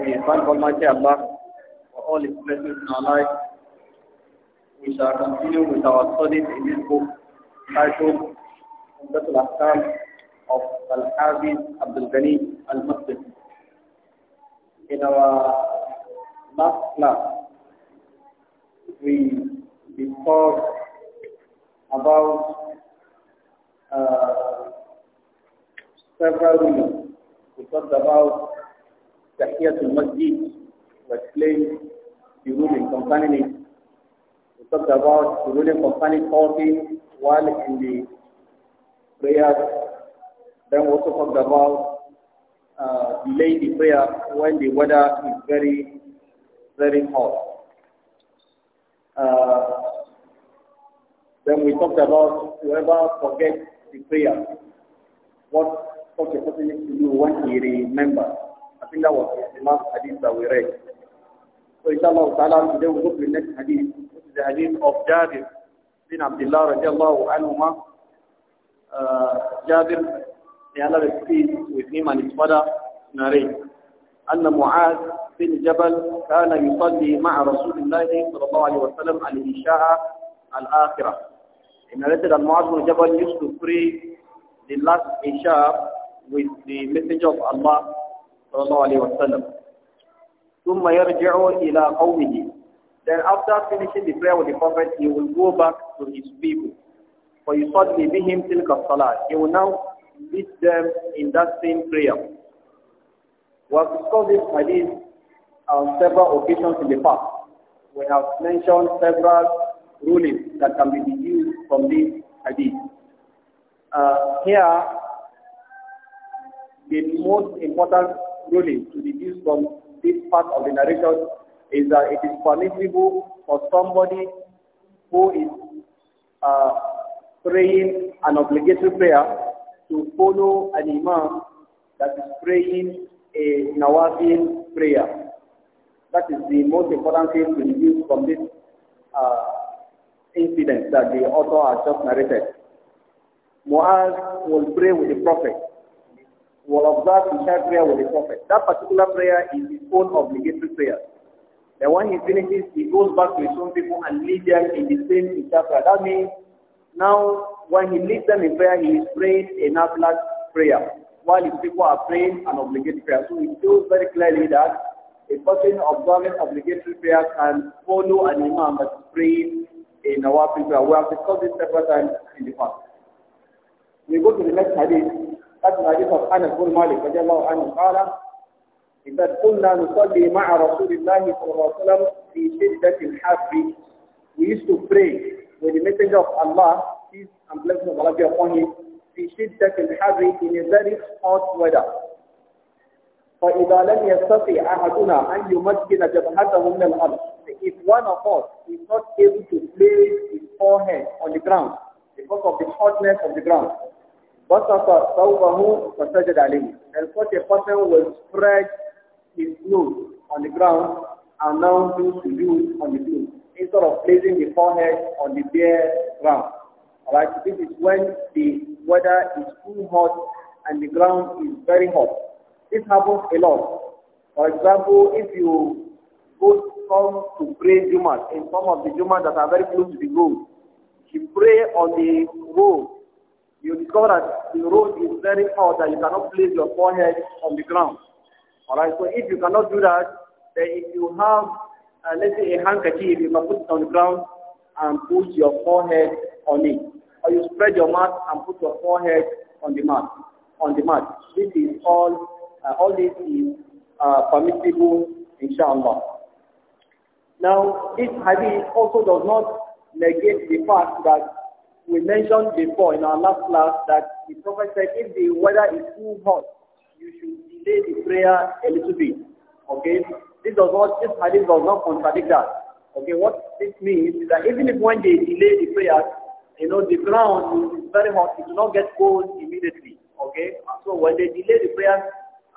We thank Almighty Allah for all His blessings in our life. We shall continue with our studies in this book titled Umdatul Ahkam of Al-Hafiz Abdul Ghani Al-Masjid. In our last class, we discussed about uh, several women. We talked about Tahiyatul Masjid to explain the ruling concerning it. We talked about the ruling concerning talking while in the prayers. Then we also talked about uh, delaying the prayer when the weather is very, very hot. Uh, then we talked about whoever forgets the prayer, what such a person needs to do when he remembers. I think that was the last hadith that we read. So inshallah ta'ala today we'll go to the next hadith. This is the hadith of Jabir bin Abdullah radiallahu anhuma. Uh, Jabir, may Allah be pleased with him and his father, narrate. أن معاذ بن جبل كان يصلي مع رسول الله صلى الله عليه وسلم العشاء الآخرة. In narrated that Muaz bin Jabal used to pray the last Isha with the Messenger of Allah صلى الله عليه وسلم ثم يرجع إلى قومه Then after finishing the prayer with the Prophet, he will go back to his people. فَيُصَلِّ بِهِمْ تِلْكَ الصَّلَاةِ He will now lead them in that same prayer. We have discussed this hadith on several occasions in the past. We have mentioned several rulings that can be deduced from this hadith. Uh, here, the most important ruling to deduce from this part of the narration is that it is permissible for somebody who is uh, praying an obligatory prayer to follow an imam that is praying a nawafil prayer. That is the most important thing to deduce from this uh, incident that the author has just narrated. Muaz will pray with the Prophet will observe Isha prayer with the Prophet. That particular prayer is his own obligatory prayer. Then when he finishes, he goes back to his own people and leads them in the same Isha prayer. That means now when he leads them in prayer, he is praying a Nafla prayer while his people are praying an obligatory prayer. So it shows very clearly that a person observing obligatory prayer can follow an imam that is praying in our prayer. We have discussed this several times in the past. We go to the next hadith. قد ما عن الكل مالك رضي الله عنه قال إذا كنا نصلي مع رسول الله صلى الله عليه وسلم في شدة الحرب we used to pray with the messenger of Allah peace and blessings of Allah be upon him في شدة الحرب in a very hot weather فإذا لم يستطع أحدنا أن يمكن جبهته من الأرض if one of us is not able to place his forehead on the ground because of the hotness of the ground Batafa Saubahu Fasajad Ali. And such a person will spread his clothes on the ground, and announcing to you on the field, instead of placing the forehead on the bare ground. Alright, this is when the weather is too hot and the ground is very hot. This happens a lot. For example, if you go come to pray Jumat, in some of the Jumat that are very close to the road, you pray on the road you discover that the road is very hard that you cannot place your forehead on the ground. Alright, so if you cannot do that, then if you have, uh, let's say a handkerchief, you can put it on the ground and put your forehead on it. Or you spread your mat and put your forehead on the mat. On the mat. This is all, uh, all this is uh, permissible, inshallah. Now, this hadith also does not negate the fact that we mentioned before in our last class that the Prophet said if the weather is too hot, you should delay the prayer a little bit. Okay? This does not this hadith does not contradict that. Okay, what this means is that even if when they delay the prayer, you know, the ground is very hot, it will not get cold immediately. Okay? So when they delay the prayer,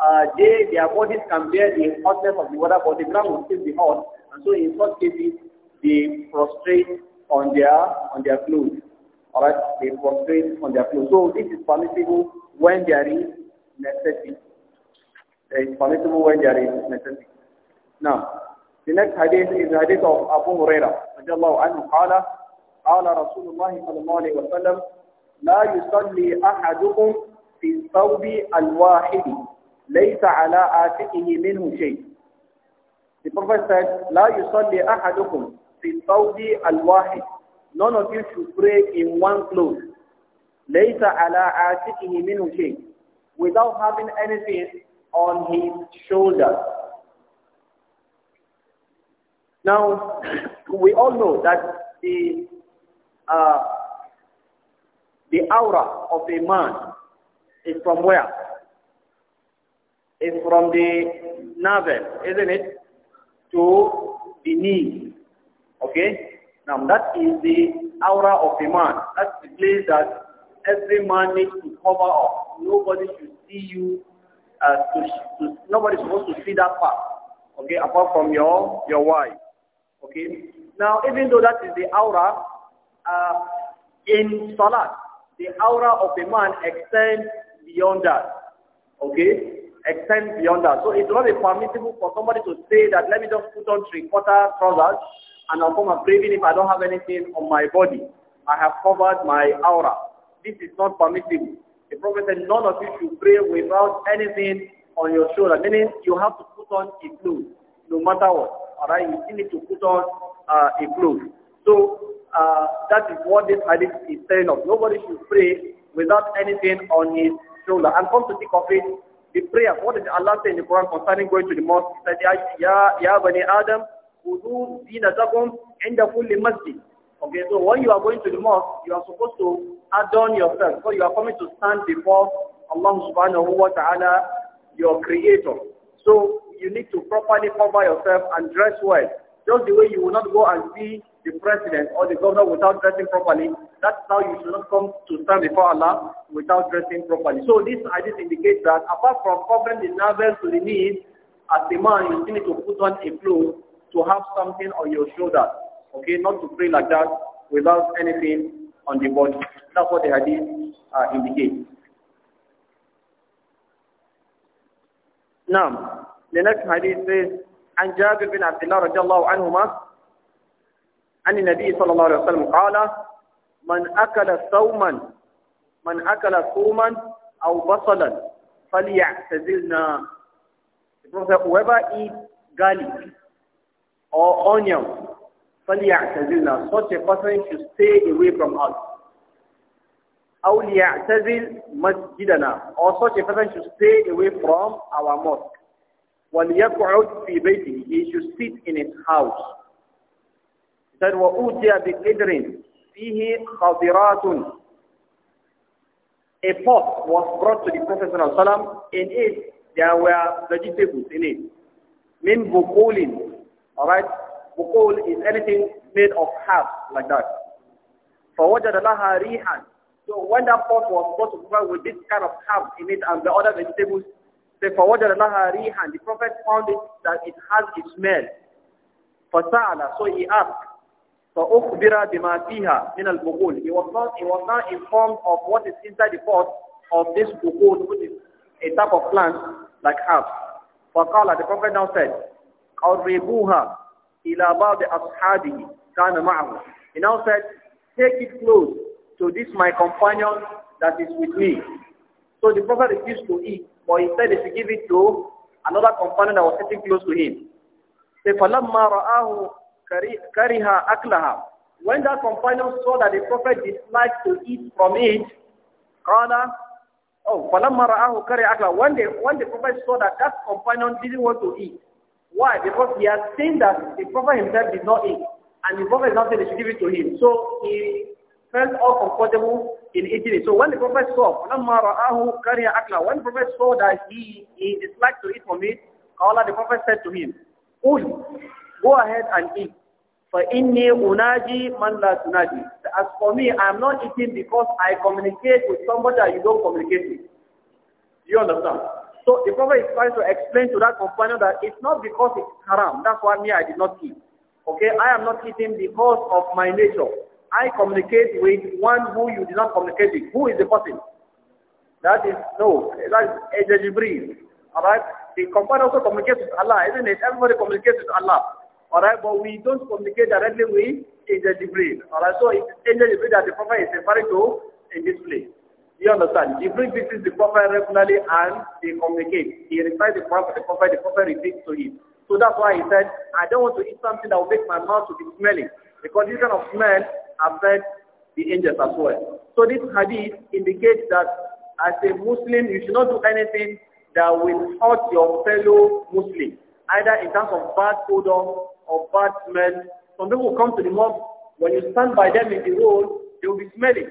uh, they, their bodies can bear the hotness of the water, but the ground will still be hot. And so in such cases, they prostrate on their on their clothes. All right, they prostrate on their pillow. So this is permissible when there is necessity. It is permissible when there is necessity. Now, the next hadith is the hadith of Abu Huraira. Radiallahu anhu qala, قال رسول الله صلى الله عليه وسلم لا يصلي أحدكم في الثوب الواحد ليس على آتيه منه شيء. The Prophet said, لا يصلي أحدكم في الثوب الواحد none of you should pray in one cloth. Later, ala atikihi minhu shay, without having anything on his shoulder. Now, we all know that the uh, the aura of a man is from where? Is from the navel, isn't it? To the knee. Okay? Now that is the aura of a man. That's the place that every man needs to cover up. Nobody should see you. Uh, to, to, nobody's supposed to see that part. Okay, apart from your your wife. Okay. Now, even though that is the aura, uh, in salat, the aura of a man extends beyond that. Okay, extends beyond that. So it's not permissible for somebody to say that let me just put on three quarter trousers and I'll perform a prayer even if I don't have anything on my body. I have covered my aura. This is not permissible. The Prophet said none of you should pray without anything on your shoulder. Meaning you have to put on a cloth, no matter what. Alright, you still need to put on uh, a cloth. So uh, that is what this hadith is saying of. Nobody should pray without anything on his shoulder. And come to think of it, the prayer, what did Allah say in the Quran concerning going to the mosque? He said, Ya, ya Bani Adam, Kudu zinatakum inda kulli masjid. Okay, so when you are going to the mosque, you are supposed to adorn yourself. So you are coming to stand before Allah subhanahu wa ta'ala, your creator. So you need to properly cover yourself and dress well. Just the way you will not go and see the president or the governor without dressing properly, that's how you should not come to stand before Allah without dressing properly. So this hadith indicates that apart from covering the navel to the knees, as a man you still need to put on a cloth to have something on your shoulder. Okay, not to pray like that without anything on the body. That's what the hadith uh, indicates. Now, the next hadith says, عن جابر بن عبد الله رضي الله عنهما عن النبي صلى الله عليه وسلم قال من أكل ثوما من أكل ثوما أو بصلا فليعتزلنا The Prophet, whoever eats garlic or onion. فَلْيَعْتَزِلْنَا Such a person should stay away from us. أَوْ لِيَعْتَزِلْ مَسْجِدَنَا Or such a person should stay away from our mosque. وَلْيَقْعُدْ فِي بَيْتِهِ He should sit in his house. He said, وَأُوْتِيَ بِقِدْرٍ فِيهِ خَضِرَاتٌ A pot was brought to the Prophet ﷺ. In it, there were vegetables in it. مِنْ بُقُولٍ Alright? Bukul is anything made of half, like that. فَوَجَدَ لَهَا رِيحًا So when that pot was brought to Prophet with this kind of herb in it and the other vegetables, say فَوَجَدَ لَهَا رِيحًا The Prophet found it that it has its smell. فَسَأَلَ So he asked, فَأُخْبِرَ بِمَا فِيهَا مِنَ الْبُقُولِ He was not, he was not informed of what is inside the pot of this bukul, which is a type of plant like herbs. فَقَالَ The Prophet now said, قربوها إلى بعض أصحابه كان معه. He now said, take it close to this my companion that is with me. So the prophet refused to eat, but he said to give it to another companion that was sitting close to him. Say, فَلَمَّا رَآهُ كَرِهَا أَكْلَهَا When that companion saw that the prophet disliked to eat from it, قَالَ Oh, فَلَمَّا رَآهُ كَرِهَا أَكْلَهَا when the, when the prophet saw that that companion didn't want to eat, why? Because he has seen that the Prophet himself did not eat, and the Prophet not saying they should give it to him. So he felt all comfortable in eating it. So when the Prophet saw, when the Prophet saw that he, he disliked to eat from it, Allah the Prophet said to him, Ul, go ahead and eat. For inni unaji man la tunaji. As for me, I'm not eating because I communicate with somebody that you don't communicate with. Do you understand? So the Prophet is trying to explain to that companion that it's not because it's haram. That's why me, I did not eat. Okay, I am not eating because of my nature. I communicate with one who you did not communicate with. Who is the person? That is, no, that is Ejah Jibreel. Alright, the companion also communicates with Allah, isn't it? Everybody communicates with Allah. Alright, but we don't communicate directly with Ejah Jibreel. Alright, so it's Ejah that the Prophet is referring to in this place. You understand? Jibril visits the Prophet regularly and they communicate. He recites the Quran the Prophet, the Prophet repeats to him. So that's why he said, I don't want to eat something that will make my mouth to be smelling. Because this kind of smell affects the angels as well. So this hadith indicates that as a Muslim, you should not do anything that will hurt your fellow Muslim, either in terms of bad odor or bad smell. Some people come to the mosque, when you stand by them in the road, they will be smelling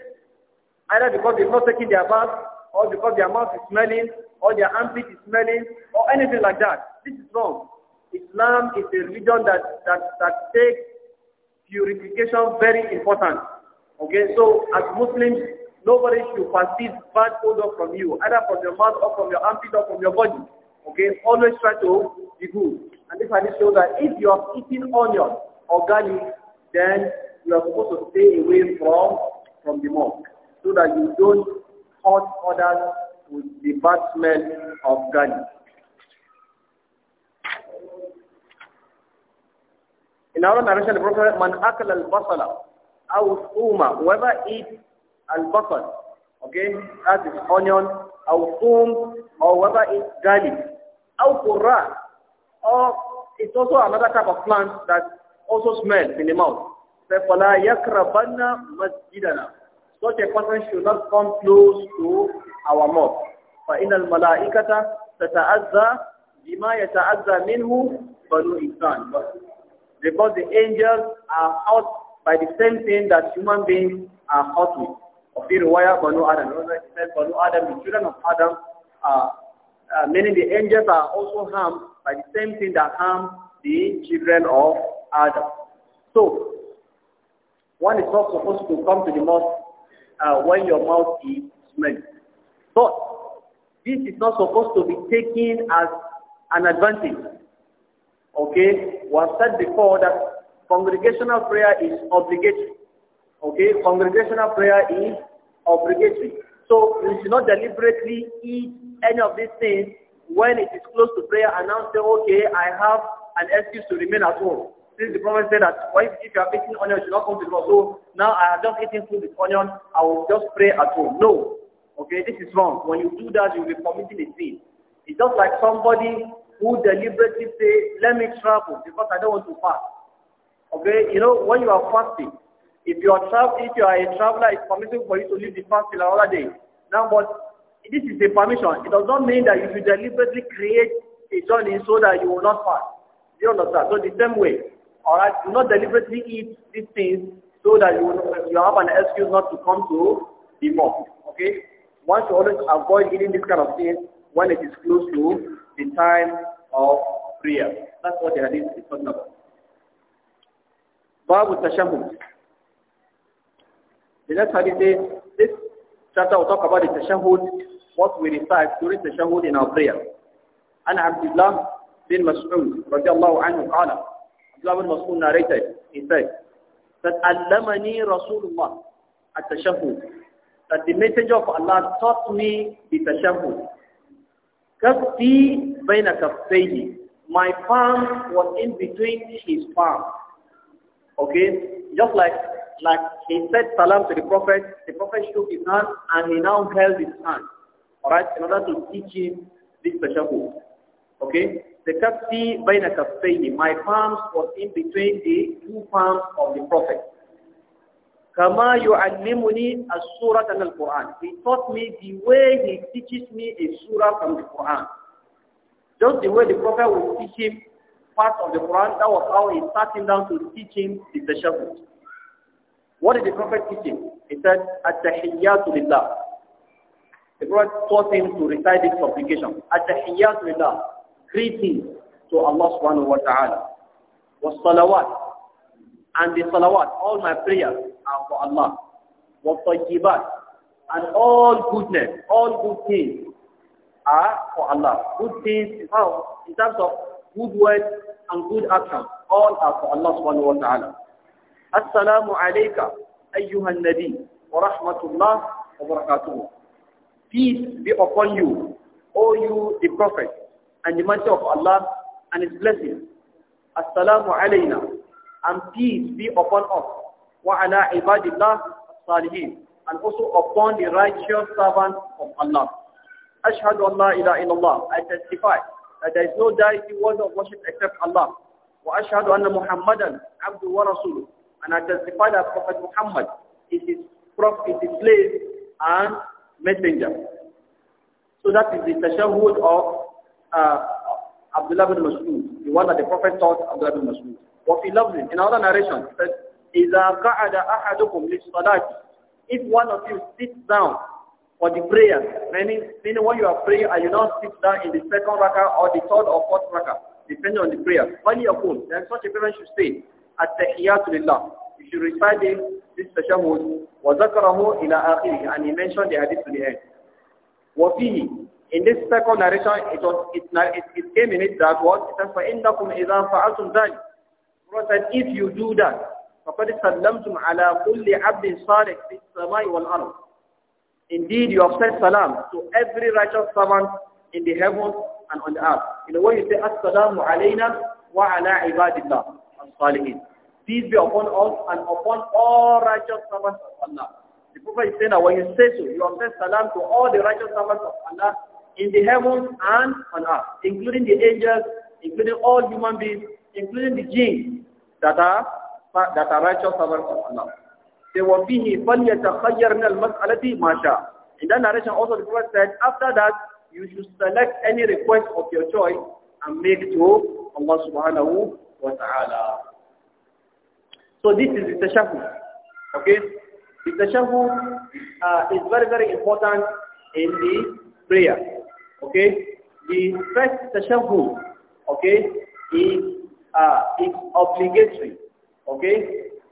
either because they are not taking their bath, or because their mouth is smelling, or their armpit is smelling, or anything like that. This is wrong. Islam is a religion that, that, that takes purification very important. Okay, so as Muslims, nobody should perceive bad odor from you, either from your mouth or from your armpit or from your body. Okay, always try to be good. And this hadith shows that if you are eating onion or garlic, then you are supposed to stay away from, from the mosque so that you don't hurt others with the bad smell of garlic. In our narration, the Prophet, man akal al-basala, aw thuma, whoever eats al-basal, okay, that is onion, aw thum, or whoever eats garlic, aw qurra, or it's also another type of plant that also smells in the mouth. فَلَا يَكْرَبَنَّ masjidana." such a person should not come close to our mosque. فإن الملائكة تتأذى بما يتأذى منه بنو إنسان. Because the angels are hurt by the same thing that human beings are hurt with. وفي رواية بنو آدم. بنو آدم, the children of Adam, uh, uh, meaning the angels are also harmed by the same thing that harmed the children of Adam. So, one is not supposed to come to the mosque uh, when your mouth is smelling. But this is not supposed to be taken as an advantage. Okay, was said before that congregational prayer is obligatory. Okay, congregational prayer is obligatory. So you should not deliberately eat any of these things when it is close to prayer and now say, okay, I have an excuse to remain at home. Since the Prophet said that well, if you are eating onion, you should not come to the mosque. So now I have just eaten food with onion, I will just pray at home. No. Okay, this is wrong. When you do that, you will be committing a sin. It's just like somebody who deliberately say, let me travel because I don't want to fast. Okay, you know, when you are fasting, if you are if you are a traveler, it's permissible for you to leave the fast till another day. Now, but this is a permission. It does not mean that you should deliberately create a journey so that you will not fast. you understand? So the same way, Alright, do not deliberately eat these things so that you, you have an excuse not to come to the mosque. Okay? One should always avoid eating this kind of things when it is close to the time of prayer. That's what the hadith is talking about. Babu Tashahud. The next hadith is this chapter will talk about the Tashahud, what we recite during Tashahud in our prayer. عن عبد الله بن مسعود رضي الله عنه قال Abdullah ibn Mas'ud narrated, he said, that Allamani Rasulullah at tashahud that the messenger of Allah taught me the tashahud. Kafti baina kaftayhi. My palm was in between his palm. Okay? Just like like he said salam to the Prophet, the Prophet shook his hand and he now held his hand. Alright? In order to teach him this tashahud. Okay? The kafti baina kaftayni. My palms was in between the two palms of the Prophet. Kama yu'allimuni as-surah al-Qur'an. He taught me the way he teaches me a surah from the Qur'an. Just the way the Prophet would teach him part of the Quran, that was how he sat him down to teach him the tashahud. What did the Prophet teach him? He said, At-tahiyyatu lillah. The Prophet taught him to recite this supplication. At-tahiyyatu lillah three to Allah subhanahu wa ta'ala. Was salawat. And the salawat, all my prayers are for Allah. Was tayyibat. And all goodness, all good things are for Allah. Good things in terms of good words and good actions, all are for Allah subhanahu wa ta'ala. Assalamu alayka, ayyuhan nabi, wa rahmatullah wa barakatuh. Peace be upon you, O you the Prophet, and the mercy of Allah and His blessings. Assalamu alayna and peace be upon us. Wa ala ibadillah salihin and also upon the righteous servants of Allah. Ashhadu Allah la illallah. I testify that there is no deity worthy of worship except Allah. Wa ashhadu anna Muhammadan abdu wa rasuluh. And I testify that Prophet Muhammad is his prophet, is his slave and messenger. So that is the tashahud of uh, Abdullah bin Mas'ud, the one that the Prophet taught Abdullah bin Mas'ud. loves him. in other narration, is says, إِذَا قَعَدَ أَحَدُكُمْ If one of you sits down for the prayer, meaning, meaning when you are praying and you now sit down in the second rakah or the third or fourth rakah, depending on the prayer, فَلْيَقُمْ Then such a person should say, التحيات لله you should recite this special tashahhud وذكره إلى آخره and he mentioned the hadith to the end وفيه in this second narration, it, was, it, it, it came in it that was, it says, فَإِنَّكُمْ إِذَا فَعَلْتُمْ ذَلِكَ Prophet said, if you do that, فَقَدْ سَلَّمْتُمْ عَلَى كُلِّ عَبْدٍ فِي السَّمَاءِ وَالْأَرْضِ Indeed, you have said salam to every righteous servant in the heavens and on the earth. In the way you say, As-salamu alayna wa ala ibadillah as-salihin. Peace be upon us and upon all righteous servants of Allah. The Prophet is saying that when you say so, you have said salam to all the righteous servants of Allah in the heavens and on earth, including the angels, including all human beings, including the jinn that are that are righteous servants of Allah. They will be he فَلْيَتَخَيَّرْنَا الْمَسْأَلَةِ مَا شَاءَ In that narration also the Prophet said, after that, you should select any request of your choice and make to Allah subhanahu wa ta'ala. So this is the tashahud. Okay? The tashahud uh, is very, very important in the prayer. Okay? The first tashahud, okay, is, uh, is obligatory. Okay?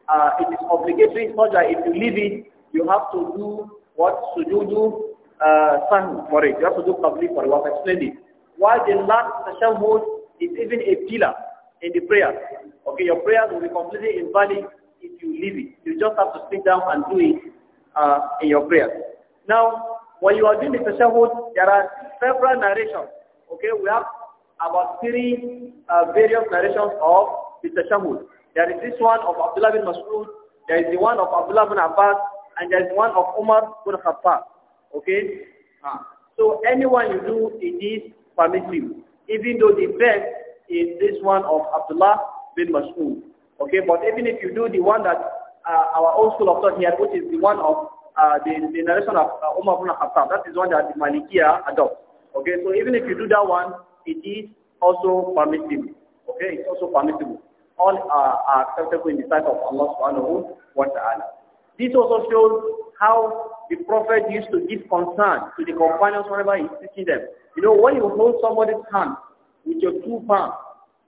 Uh, it is obligatory So that if you leave it, you have to do what sujudu uh, sahwi for it. You have to do properly. for what We explained it. While the last tashahud is even a pillar in the prayer. Okay, your prayer will be completely invalid if you leave it. You just have to sit down and do it uh, in your prayer. Now, when you are doing the tashahud, there are several narrations. Okay, we have about three uh, various narrations of the tashahud. There is this one of Abdullah bin Mas'ud, there is the one of Abdullah bin Abbas, and there is one of Umar bin Khattab. Okay? So anyone you do, it is permissible. Even though the best is this one of Abdullah bin Mas'ud. Okay, but even if you do the one that uh, our own school of thought here, which is the one of uh, the, the narration of uh, Umar ibn Khattab. That is one that the Malikiya adopts. Okay, so even if you do that one, it is also permissible. Okay, it's also permissible. All are, are acceptable in the sight of Allah subhanahu wa ta'ala. This also shows how the Prophet used to give concern to the companions whenever he teaching them. You know, when you hold somebody's hand with your two palms,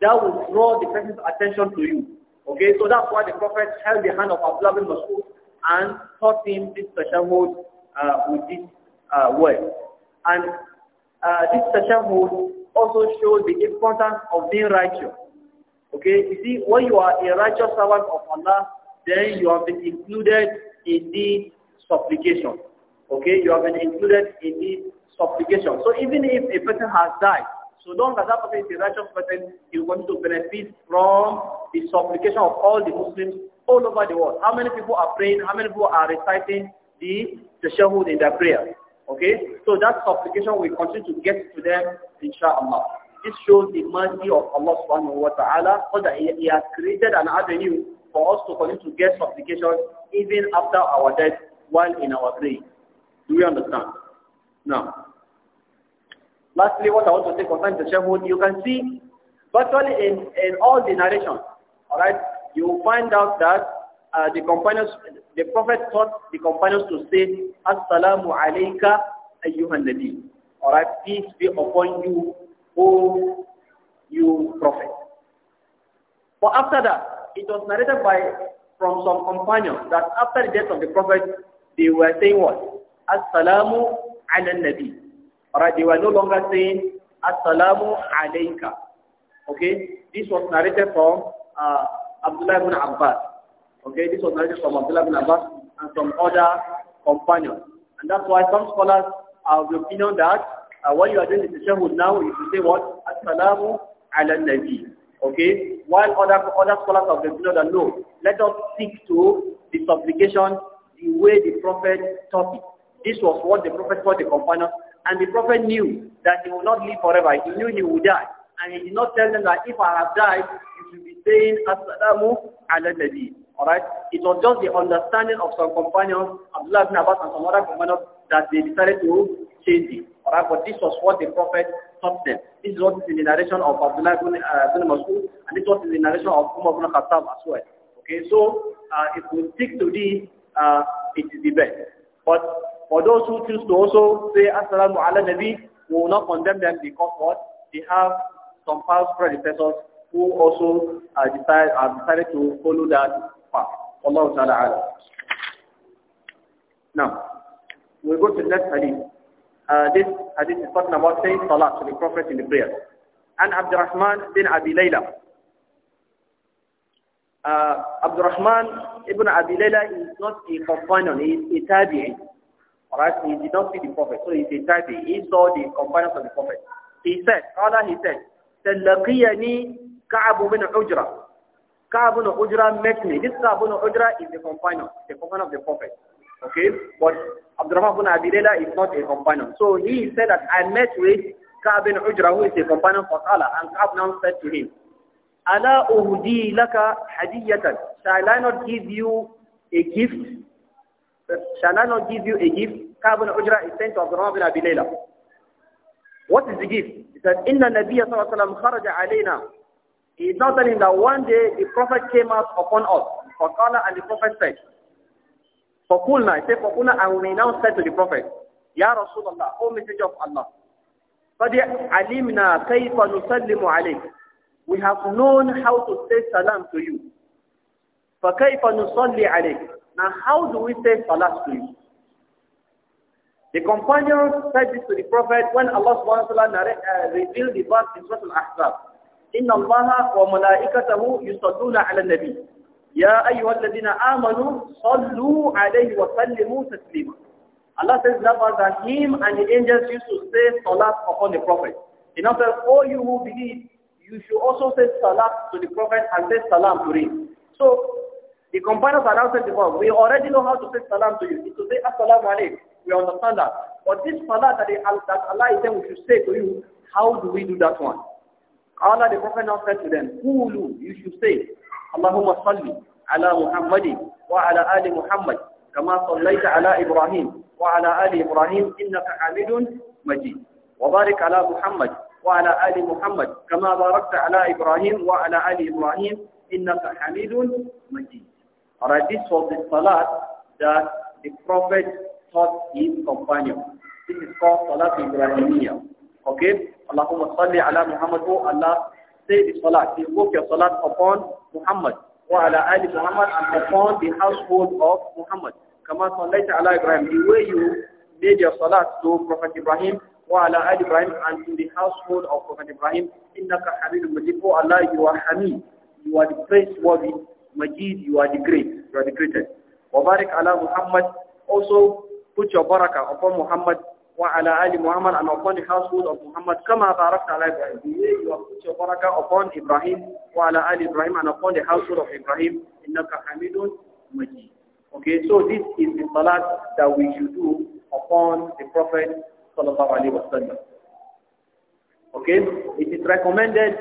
that will draw the person's attention to you. Okay, so that's why the Prophet held the hand of Abdullah bin Mas'ud and taught him this tashahud uh, with this uh, word. And uh, this mode also shows the importance of being righteous. Okay, you see, when you are a righteous servant of Allah, then you have been included in the supplication. Okay, you have been included in the supplication. So even if a person has died, so long as that person is a righteous person, he will to benefit from the supplication of all the Muslims all over the world. How many people are praying? How many people are reciting the tashahud in their prayer? Okay? So that supplication will continue to get to them, inshallah. This shows the mercy of Allah subhanahu wa ta'ala, so that he, he has created an avenue for us to continue to get supplication even after our death while in our grave. Do we understand? Now, lastly, what I want to say concerning the shepherd, you can see virtually in, in all the narrations, all right, you will find out that uh, the companions, the Prophet taught the companions to say, Assalamu alayka ayyuhan nabi. Alright, peace be upon you, O you Prophet. But after that, it was narrated by from some companions that after the death of the Prophet, they were saying what? Assalamu ala nabi. Alright, they were no longer saying Assalamu alayka. Okay, this was narrated from uh, Abdullah ibn Abbas. Okay, this was narrated from Abdullah ibn Abbas and from other companions. And that's why some scholars are of the opinion that uh, when you are doing the tashahud now, you should say what? Assalamu ala nabi. Okay? While other, other scholars of the opinion that no, let us stick to the supplication the way the Prophet taught it. This was what the Prophet taught the companions. And the Prophet knew that he would not live forever. He knew he would die. And he did not tell them that if I have died, saying Assalamu ala Nabi. Alright? It was just the understanding of some companions, Abdullah ibn Abbas and some other companions, that they decided to change it. Alright? But this was what the Prophet taught them. This is what is in the narration of Abdullah ibn, uh, ibn Masud, and this was in the narration of Umar ibn Khattab as well. Okay, so uh, if we stick to this, uh, it is the best. But for those who choose to also say Assalamu ala Nabi, we will not condemn them because what? They have some past predecessors who also uh, uh, decided to follow that path. Allah Ta'ala ala. Now, we go to the next hadith. Uh, this hadith is talking about saying salah to the Prophet in the prayer. And Abdurrahman bin Abi Layla. Uh, Abdurrahman ibn Abi Layla is not a companion, he is a tabi'i. Alright, he did not see the Prophet, so he is a tabi'i. He saw the companions of the Prophet. He said, Allah, he said, كعب بن عجرة كعب بن عجرة met me. This كعب بن عجرة is the companion, the companion of the Prophet. Okay, but Abdurrahman bin Abi Layla is not a companion. So he said that I met with كعب بن عجرة who is a companion for Allah, and كعب now said to him, ألا أهدي لك هدية Shall I not give you a gift? Shall I not give you a gift?" كعب بن عجرة is sent to Abdurrahman bin Abi Layla. What is the gift? He said, "Inna Nabiya sallallahu alaihi wasallam kharaja He is not telling that one day the Prophet came out upon us. Fakala and the Prophet said, Fakulna, I say Fakulna, and we now said to the Prophet, Ya Rasulullah, O Messenger of Allah, قَدْ عَلِمْنَا كَيْفَ نُسَلِّمُ عَلَيْكَ We have known how to say salam to you. فَكَيْفَ نُصَلِّ عَلَيْكَ Now how do we say salat to you? The companions said this to the Prophet when Allah subhanahu wa ta'ala uh, revealed the verse in Surah Al-Ahzab. إن الله وملائكته يصلون على النبي يا أيها الذين آمنوا صلوا عليه وسلموا تسليما Allah says never that him and the angels used to say salat upon the prophet. In other words, all you who believe, you should also say salat to the prophet and say salam to him. So the companions are now said before, we already know how to say salam to you. It's to say assalamu alaikum. We understand that. But this salat that, that Allah is saying we should say to you, how do we do that one? Allah the Prophet now said to them, قولوا you should say, Allahumma salli ala Muhammadin wa ala ali Muhammad, صليت على ala Ibrahim wa ala ali Ibrahim, مجيد وبارك على Wa وعلى ala محمد wa ala ali إبراهيم وعلى آل ala Ibrahim wa ala ali Ibrahim, Alright, this was the salat that the Prophet taught his companion. This is called Salat Ibrahimiyya. Okay? Allahumma salli ala Muhammad. Oh Allah, say the salat. Invoke your salat upon Muhammad. Wa ala ali Muhammad and upon the household of Muhammad. Kama sallaita ala Ibrahim. The way you made your salat to Prophet Ibrahim. Wa ala ali Ibrahim and to the household of Prophet Ibrahim. Innaka hamidun majid. Oh Allah, you are hamid. You are the praiseworthy. Majid, you are the great. You are the greatest. Wa barik ala Muhammad. Also, put your barakah upon Muhammad وعلى آل Muhammad and upon the household of Muhammad كما باركت على إبراهيم the way you Ibrahim وعلى آل Ibrahim and upon the household of Ibrahim إنك حميد مجيد Okay, so this is the salat that we should do upon the Prophet sallallahu alaihi wasallam. Okay, it is recommended.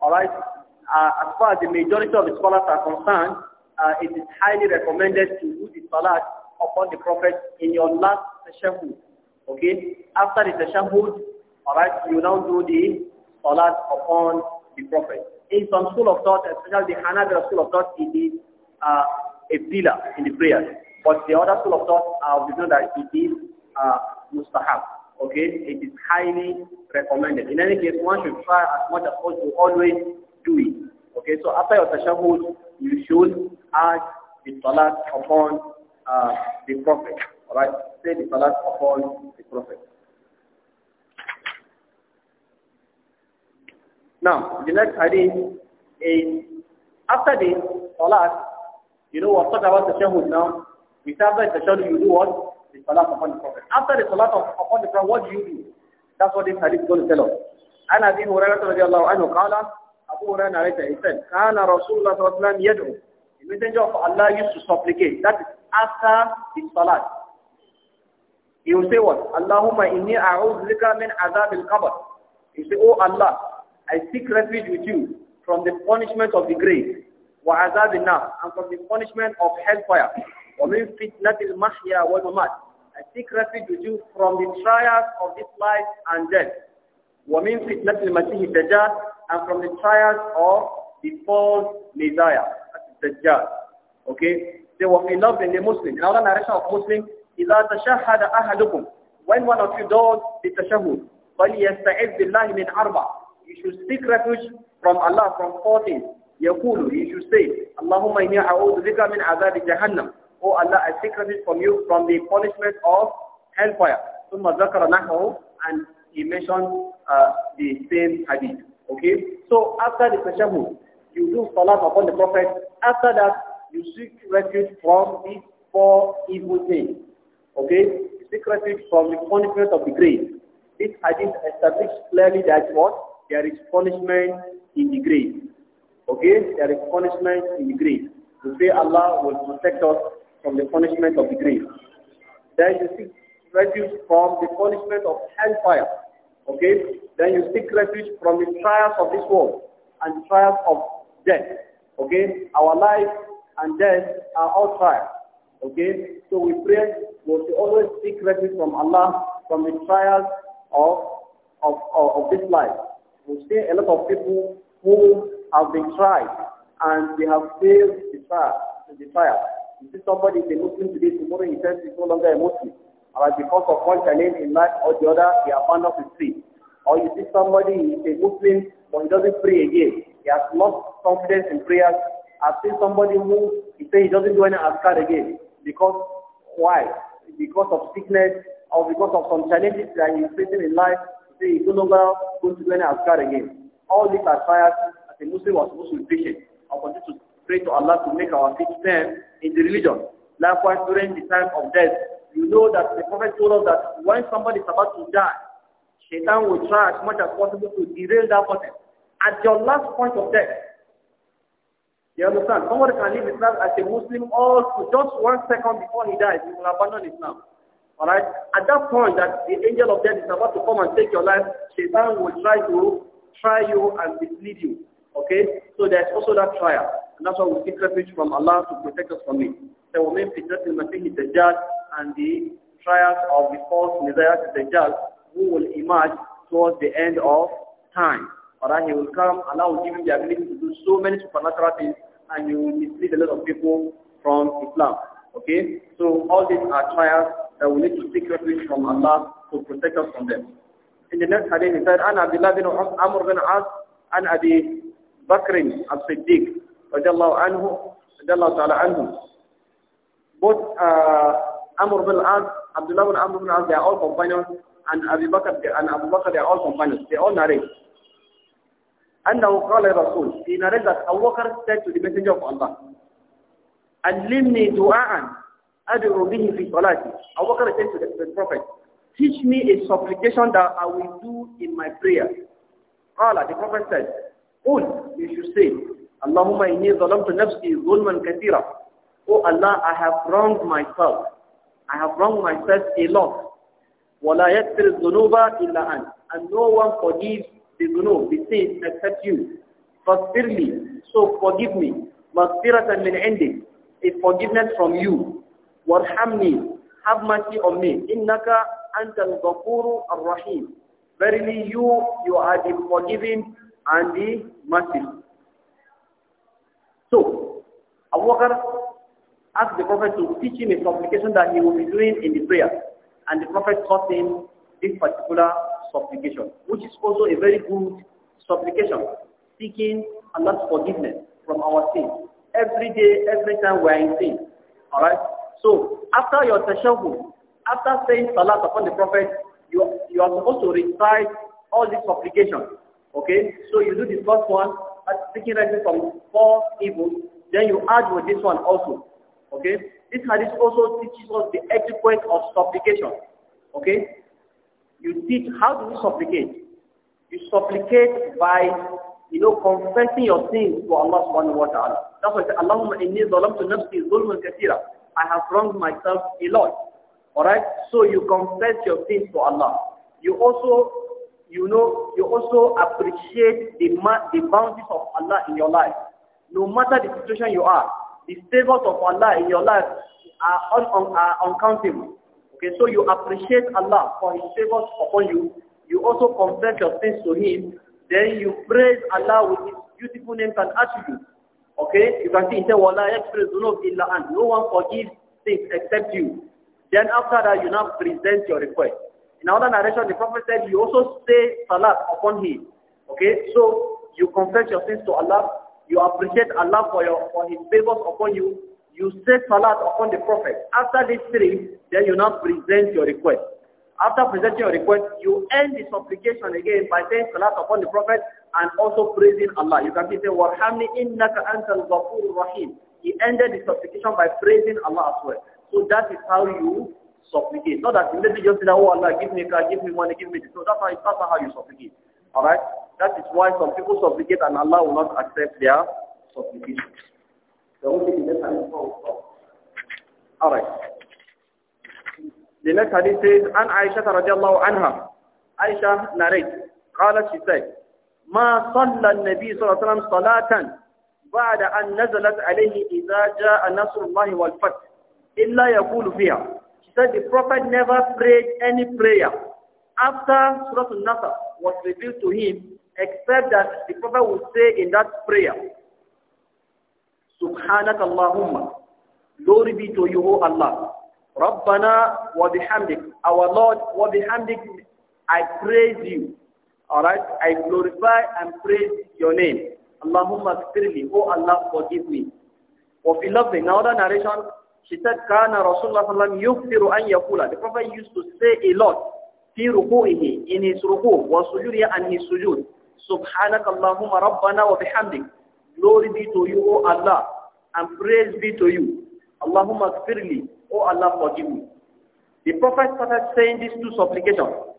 All right, uh, as far as the majority of the scholars are concerned, uh, it is highly recommended to do the salat upon the Prophet in your last tashahhud Okay? After the tashahud, alright, you now do the salat upon the Prophet. In some school of thought, especially the Hanafi school of thought, it is uh, a pillar in the prayer. But the other school of thought uh, we know that it is uh, mustahab. Okay? It is highly recommended. In any case, one should try as much as possible to always do it. Okay, so after your tashahud, you should add the salat upon uh, the Prophet. Alright, say the salat upon the Prophet. Now, the next hadith is after the salat, you know what talked about the shahud now. We start by the shahud, you do what? The salat upon the Prophet. After the salat upon the Prophet, what do you do? That's what this hadith is going to tell us. عن أبي هريرة رضي الله عنه قال أبو هريرة narrated he said كان رسول الله صلى الله عليه وسلم يدعو the messenger of Allah used to supplicate that is after the salat he will say what? Allahumma inni a'udhu bika min azab al-qabr. He say, Oh Allah, I seek refuge with you from the punishment of the grave, wa azab al and from the punishment of hellfire, wa min fitnatil al-mahya wal mamat. I seek refuge with you from the trials of this life and death, wa min fitnatil al dajjal, and from the trials of the false Messiah, that's Dajjal. Okay? They were in love in the Muslim. In another narration of Muslim, إذا تشهد أحدكم when one of you does the tashahud فليستعذ بالله من أربع you should seek refuge from Allah from four things يقول you should say اللهم إني أعوذ بك من عذاب جهنم Oh Allah I seek refuge from you from the punishment of hellfire ثم ذكر نحوه and he mentioned uh, the same hadith okay so after the tashahud you do salat upon the prophet after that you seek refuge from these four evil things okay, secreted from the punishment of the grave. This hadith establishes clearly that what? There is punishment in the grave. Okay, there is punishment in the grave. We say Allah will protect us from the punishment of the grave. Then you seek refuge from the punishment of hellfire. Okay, then you seek refuge from the trials of this world and trials of death. Okay, our life and death are all trials. Okay, so we pray was to always seek refuge from Allah from the trials of, of, of, of this life. We see a lot of people who have been tried and they have failed the trial. The trial. You see somebody is a Muslim today, tomorrow he says he's no longer a Muslim. All right, because of one challenge in life or the other, he abandons his tree. Or you see somebody is a Muslim but he doesn't pray again. He has lost confidence in prayer. I've seen somebody who he says he doesn't do any askar again. Because why? because of sickness or because of some challenges that he's facing in life, say he's no longer going to do any askar again. All these are fires as a Muslim was supposed to be patient and continue to pray to Allah to make our feet firm in the religion. Likewise, during the time of death, you know that the Prophet told us that when somebody is about to die, Shaitan will try as much as possible to derail that person. At your last point of death, you understand? Somebody can leave Islam as a Muslim also just one second before he dies, he will abandon Islam. Alright? At that point that the angel of death is about to come and take your life, Shaitan will try to try you and mislead you. Okay? So there's also that trial. And that's why we seek refuge from Allah to protect us from it. The woman fitness in the Dajjal and the trials of the false the judge who will emerge towards the end of time. Alright, he will come, Allah will give him the ability to do so many supernatural things and you will mislead a lot of people from Islam. Okay? So all these are trials that we need to seek refuge from Allah to protect us from them. In the next hadith, he said, "An Abdullah bin Amr bin As, an Abi Bakr al siddiq radiyallahu anhu, radiyallahu ta'ala anhu." Both uh, Amr bin As, Abdullah bin Amr bin As, they are all companions, and Abi Bakr and Abu Bakr, they are all companions. They all narrate. أنه قال الرسول في نرزة أبو بكر said to the messenger of Allah علمني دعاء أدعو به في صلاتي أبو بكر said to the prophet teach me a supplication that I will do in my prayer قال the prophet said قل you should say اللهم إني ظلمت نفسي ظلما كثيرا Oh Allah I have wronged myself I have wronged myself a lot ولا يغفر الذنوب إلا أن and no one forgives بذنوب the sins that touch you. فاغفر me. so forgive me has been ended, a forgiveness from you Warhamni, have mercy on me إنك أنت الغفور rahim verily you you are the forgiving and the merciful so a worker asked the Prophet to teach him a supplication that he would be doing in the prayer and the Prophet taught him this particular supplication, which is also a very good supplication, seeking Allah's forgiveness from our sins. Every day, every time we are in sin. Alright? So, after your tashahud, after saying salat upon the Prophet, you, you are supposed to recite all these supplications. Okay? So you do the first one, seeking refuge from four evils, then you add with this one also. Okay? This hadith also teaches us the etiquette of supplication. Okay? You teach, how do you supplicate? You supplicate by, you know, confessing your sins to Allah subhanahu wa ta'ala. That's why I say, Allahumma inni zalamtu nafsi zulman kathira. I have wronged myself a lot. Alright? So you confess your sins to Allah. You also, you know, you also appreciate the, the bounties of Allah in your life. No matter the situation you are, the favors of Allah in your life are, un, un, are uncountable. Okay, so you appreciate Allah for His favors upon you. You also confess your sins to Him. Then you praise Allah with His beautiful names and attributes. Okay, you can see it says, Wallah illa an. No one forgives sins except you. Then after that, you now present your request. In another narration, the Prophet said, you also say salat upon Him. Okay, so you confess your sins to Allah. You appreciate Allah for, your, for His favors upon you you say salat upon the Prophet. After these three, then you now present your request. After presenting your request, you end the supplication again by saying salat upon the Prophet and also praising Allah. You can say, Warhamni innaka antal ghafur rahim. He ended the supplication by praising Allah as well. So that is how you supplicate. Not that immediately just say, oh Allah, give me a car, give me money, give me this. So that's how, that's how you supplicate. Alright? That is why some people supplicate and Allah will not accept their supplication. لغوث بذلك عن أري The next hadith says, An Aisha radiallahu anha. Aisha narrates, قالت she said, ما صلى النبي صلى الله عليه وسلم صلاة بعد أن نزلت عليه إذا جاء نصر الله والفتح إلا يقول فيها. She said, the Prophet never prayed any prayer after Surah Al-Nasr was revealed to him except that the Prophet would say in that prayer, سبحانك اللهم Glory be to you, O Allah. Rabbana wa bihamdik. Our Lord wa bihamdik. I praise you. Alright? I glorify and praise your name. Allahumma spirli. O Allah, forgive me. Of love the another narration, she said, Kana Rasulullah sallam yuktiru an yakula. The Prophet used to say a lot. Fi ruku'ihi. In his ruku' wa sujudiya and his sujud. Subhanaka Allahumma Rabbana wa bihamdik. Glory be to you, O Allah, and praise be to you. Allahumma gfirli, O Allah, forgive me. The Prophet started saying these two supplications.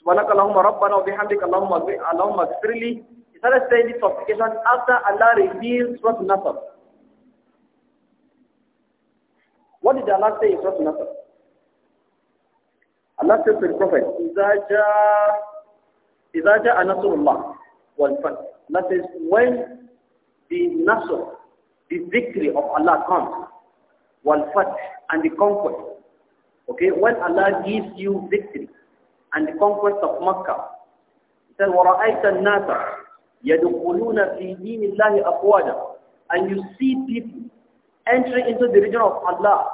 Subhanaka Allahumma Rabbana wa bihamdika Allahumma, Allahumma gfirli. He started saying these supplications after Allah revealed Surah Nasr. What did Allah say in Surah Nasr? Allah said to the Prophet, إِذَا جَاءَ إذا جاء نصر الله والفتح that is when the nasr, the victory of Allah comes, wal fight and the conquest. Okay, when Allah gives you victory and the conquest of Makkah, he said, وَرَأَيْتَ النَّاسَ يَدُخُلُونَ فِي دِينِ اللَّهِ أَفْوَاجًا And you see people entering into the religion of Allah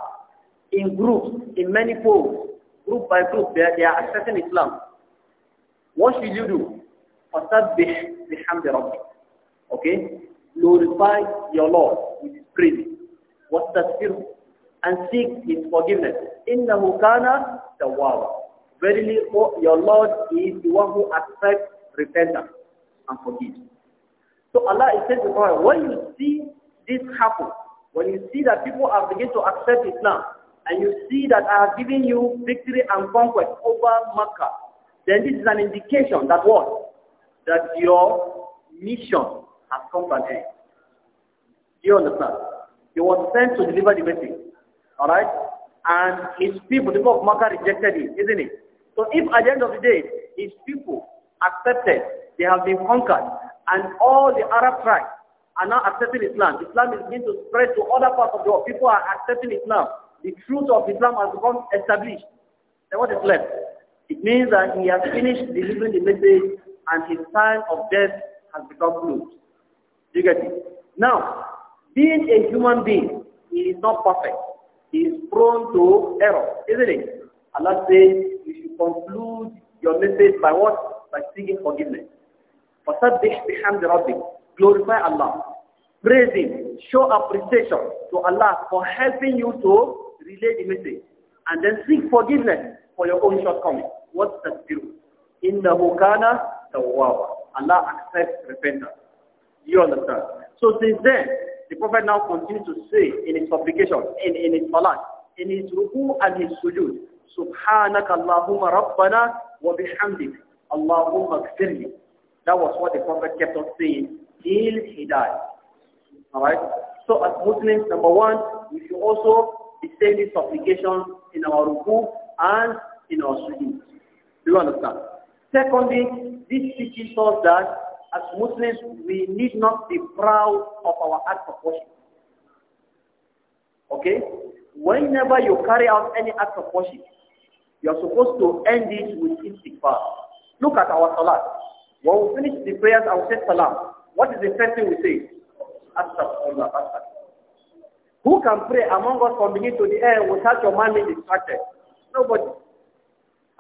in groups, in many folds, group by group, they are, they are accepting Islam. What should you do? فَسَبِّحْ بِحَمْدِ رَبِّكَ Okay? Glorify your Lord with his praise. وَاسْتَغْفِرْهُ And seek his forgiveness. إِنَّهُ كَانَ تَوَّابًا Verily, your Lord is the one who accepts repentance and forgives. So Allah is saying to Prophet, when you see this happen, when you see that people are beginning to accept Islam, and you see that I have given you victory and conquest over Makkah, then this is an indication that what? That your mission has come to an end. Do you understand? He was sent to deliver the message. Alright? And his people, the people of Makkah rejected him, isn't it? So if at the end of the day, his people accepted, they have been conquered, and all the Arab tribes are now accepting Islam. Islam is beginning to spread to other parts of the world. People are accepting Islam. The truth of Islam has become established. Then what is left? It means that he has finished delivering the message and his time of death has become close. You get it? Now, being a human being, he is not perfect. He is prone to error, isn't it? Allah says you should conclude your message by what? By seeking forgiveness. فَسَبِّحْ بِحَمْدِ رَبِّكَ Glorify Allah. Praise Him. Show appreciation to Allah for helping you to relay the message. And then seek forgiveness for your own shortcomings. What's the view? إِنَّهُ كَانَ تَوَّابًا Allah accepts repentance. You understand? So since then, the Prophet now continues to say in his supplication, in, in his salat, in his ruku and his sujud, سبحانك اللهم ربنا وبحمدك اللهم اغفر لي. That was what the Prophet kept on saying till he died. Alright? So as Muslims, number one, we should also be saying these in our ruku and in our sujud. Do you understand? Secondly, this teaches us that as Muslims, we need not be proud of our act of worship. Okay? Whenever you carry out any act of worship, you are supposed to end it with istighfar. Look at our salat. When we finish the prayers, I will say salam. What is the first thing we say? Astaghfirullah, astaghfirullah. Who can pray among us from beginning to the end without your mind being distracted? Nobody.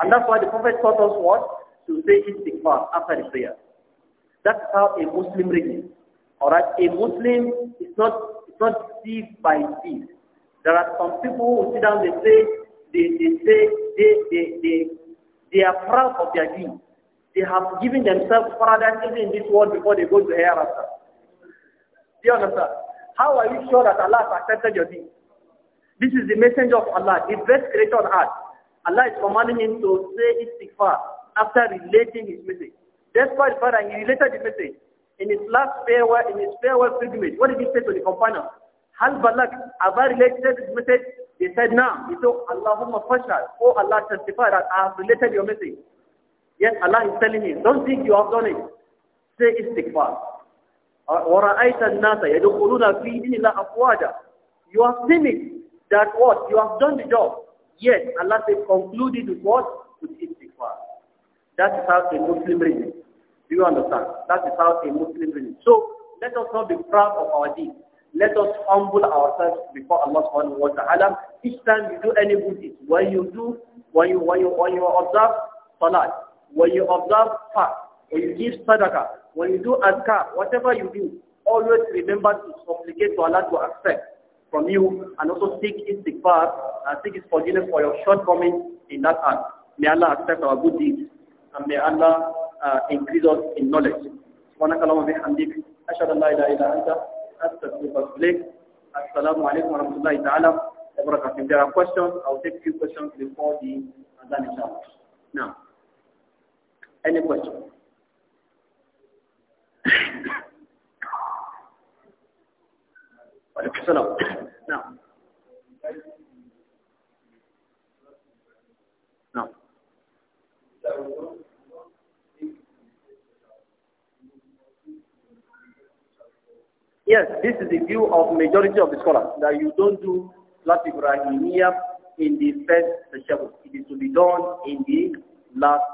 And that's why the Prophet taught us what? To say istighfar after the prayer. That's how a Muslim reads. Alright, a Muslim is not is not deceived by deed. There are some people who sit down, they say, they, they say, they, they, they, they are proud of their deeds. They have given themselves paradise even in this world before they go to hereafter. Do you understand? How are you sure that Allah has accepted your deeds? This is the messenger of Allah, the best creator on earth. Allah is commanding him to say istighfar after relating his message. Despite the fact that he related the message, in his last farewell, in his farewell pilgrimage, what did he say to the companions? Hal balak, have I related this message? He said, no. He said, Allahumma fashal. Oh Allah, testify that I have related your message. Yes, Allah is telling him, don't think you have done it. Say istighfar. وَرَأَيْتَ النَّاسَ يَدُخُلُونَ فِي دِنِ اللَّهِ أَفْوَاجًا You have seen it, that what? You have done the job. Yes, Allah has concluded with what? With istighfar. That's how a Muslim reads do you understand? That is how a Muslim believes. So let us not be proud of our deeds. Let us humble ourselves before Allah subhanahu wa ta'ala. Each time you do any good deed, when you do, when you, when you, when you observe salat, when you observe fast, when you give sadaqah, when you do azkar, whatever you do, always remember to supplicate to Allah to accept from you and also seek his and uh, seek his forgiveness for your shortcomings in that act. May Allah accept our good deeds and may Allah uh, increase us in knowledge. If there are questions, I'll take few questions before the Azan inshallah. Now, any question? وعليكم السلام. Now. Yes, this is the view of majority of the scholars, that you don't do Salat Ibrahimiyya in the first Tashahud. It is to be done in the last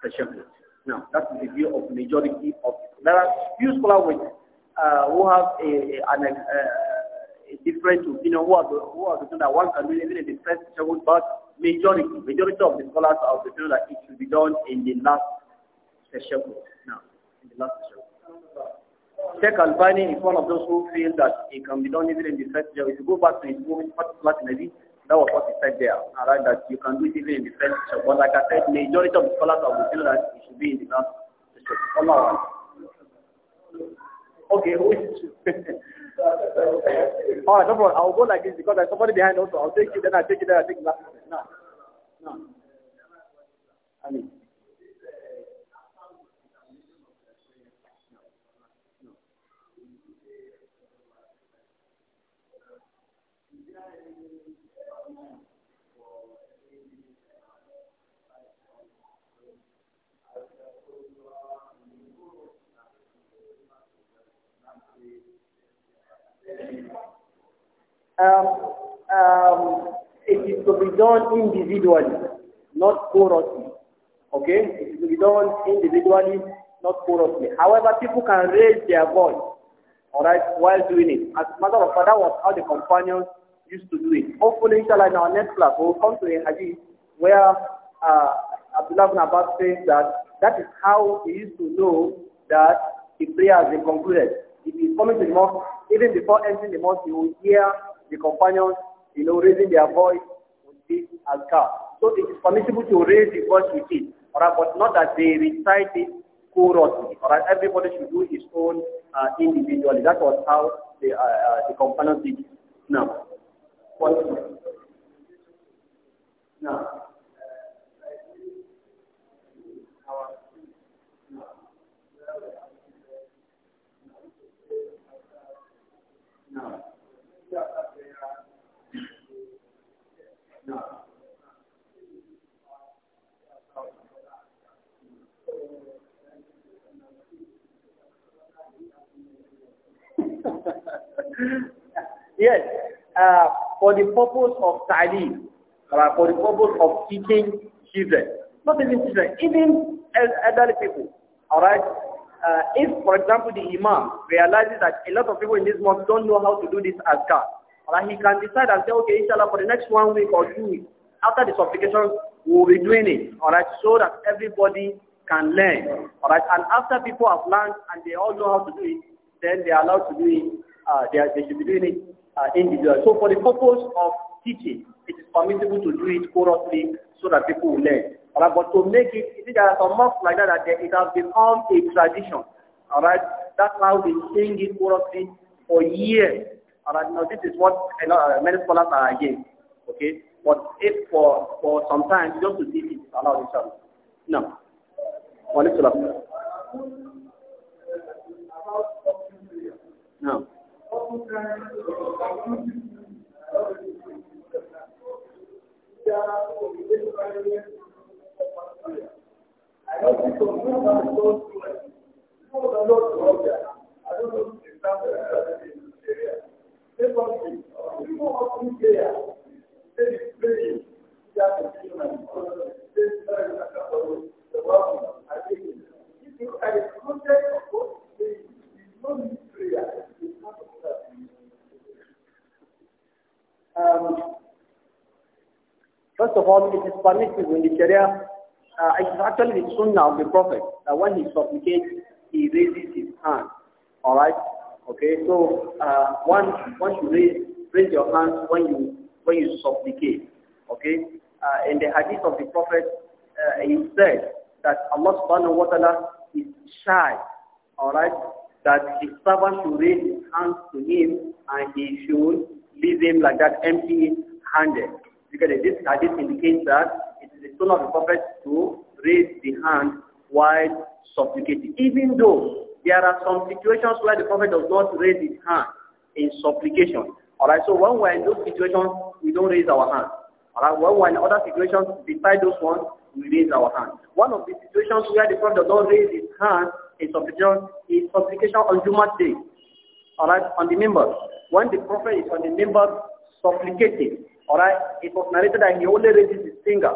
session. Now, that is the view of majority of There are few scholars with, uh, who have a, a, an, a, uh, a different who are, the, who are the that one can do even in the first session, but majority, majority of the scholars are of the view that it should be done in the last session. Now, in the last Tashahud. Sheikh Albani is one of those who feel that it can be done even in the first year. If you go back to his movie, first class maybe, that was what he said there, right, that you can do it even in the first year. But like I said, majority of the scholars are feel that it should be in the last year. on. Okay, who is All right, no problem. I'll go like this because there's somebody behind also. I'll take it, then I'll take it, then I'll take it. No. No. I mean. um, um, it is to be done individually, not chorusly. Okay? It is to be done individually, not chorusly. However, people can raise their voice, alright, while doing it. As a matter of fact, that was how the companions used to do it. Hopefully, inshallah, in our next class, we'll come to a hadith where uh, Abdullah ibn Abbas says that that is how he used to know that the prayer has been concluded. If he's coming to the mosque, even before entering the mosque, you will hear the companions, you know, raising their voice with this azkar. So it is permissible to raise the voice with it, alright, but not that they recite it chorally, alright. Everybody should do his own uh, individually. That was how the uh, uh, the companions did. Now, one. Now. yes, uh, for the purpose of studying, uh, for the purpose of teaching children. Not even children, even elderly people. All right. Uh, if, for example, the imam realizes that a lot of people in this month don't know how to do this azkar, right, he can decide and say, okay, inshallah, for the next one week or two weeks, after the supplication, we'll be doing it, all right, so that everybody can learn, all right, and after people have learned and they all know how to do it, then they are allowed to do it, uh, they, are, they should be doing it uh, individually. So for the purpose of teaching, it is permissible to do it orally so that people will learn. All right, but to make it, you see, there are some like that that it has become a tradition. All right, that's how they sing it orally for years. All right, now this is what uh, many scholars are against. Okay, but if for for some time just to teach it is allowed in No, one is no. Thank you. Um, first of all, it is permissible in the Sharia. Uh, it is actually the Sunnah of the Prophet that when he supplicates, he raises his hand. All right. Okay. So uh, once you raise raise your hands when you when you supplicate. Okay. Uh, in the hadith of the Prophet, uh, he said that Allah Subhanahu wa Taala is shy. All right that his servant should raise his hands to him and he should leave him like that empty-handed. Because this hadith indicates that it is the son of the prophet to raise the hand while supplicating. Even though there are some situations where the prophet does not raise his hand in supplication. Alright, so when we're in those situations, we don't raise our hand. Alright, when we're in other situations, beside those ones, we raise our hand. One of the situations where the prophet does not raise his hand his supplication, his supplication on Jumat day, alright, on the member. When the prophet is on the member supplicating, alright, it was narrated that he only raises his finger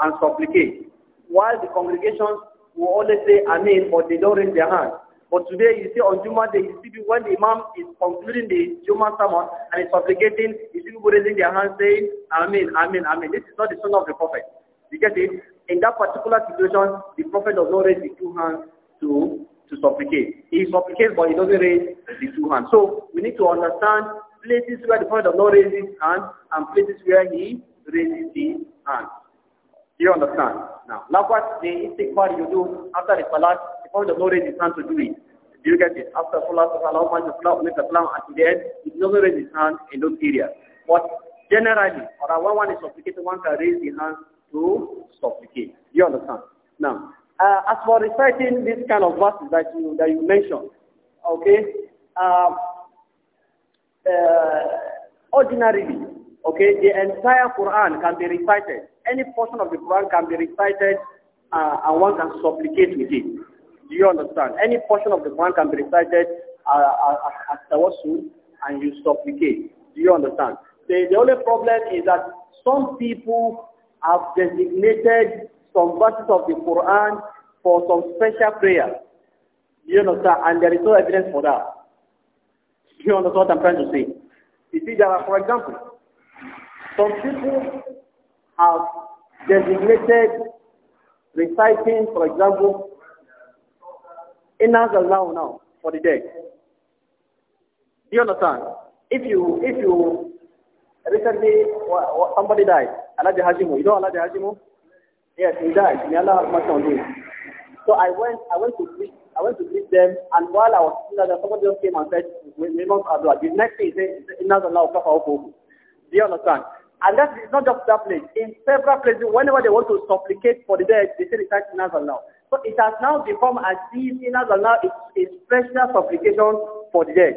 and supplicate, while the congregations will always say Amen, but they don't raise their hand. But today, you see on Juma day, you see when the Imam is concluding the Juma sermon and is supplicating, you see people raising their hands saying, Amen, Amen, Amen. This is not the son of the Prophet. You get it? In that particular situation, the Prophet does not raise his two hands to, to supplicate. He supplicates, but he doesn't raise the two hands. So we need to understand places where the Prophet does not raise his hand and places where he raises his hand. Do you understand? Now, what the istighfar you do after the salat, the Prophet does not raise his hand to do it. Do you get it? After salat, salat, salat, make a salam, and to the end, he doesn't raise his hand in those areas. But generally, or when one is supplicating, one can raise the hand to supplicate. Do you understand? Now, uh, as for reciting this kind of verses that you that you mentioned, okay, um, uh, ordinarily, okay, the entire Quran can be recited. Any portion of the Quran can be recited, uh, and one can supplicate with it. Do you understand? Any portion of the Quran can be recited uh, uh as tawassul, and you supplicate. Do you understand? The, the only problem is that some people have designated some verses of the Quran for some special prayer. You understand? And there is no evidence for that. You understand what I'm trying to say? You see, there are, for example, some people have designated reciting, for example, Inaz Allah now for the day. Do you understand? If you if you recently somebody died, Allah Hajimu, you know Allah Hajimu? Yes, he died. May Allah have mercy on him. So I went, I went to sleep. I went to greet them, and while I was sitting there, somebody just came and said, must Abdullah. The next thing he said, Inna Allah Do you understand? And that is not just that place. In several places, whenever they want to supplicate for the dead, they say recite Inna Allah. So it has now become as if Inna Allah is a special supplication for the dead.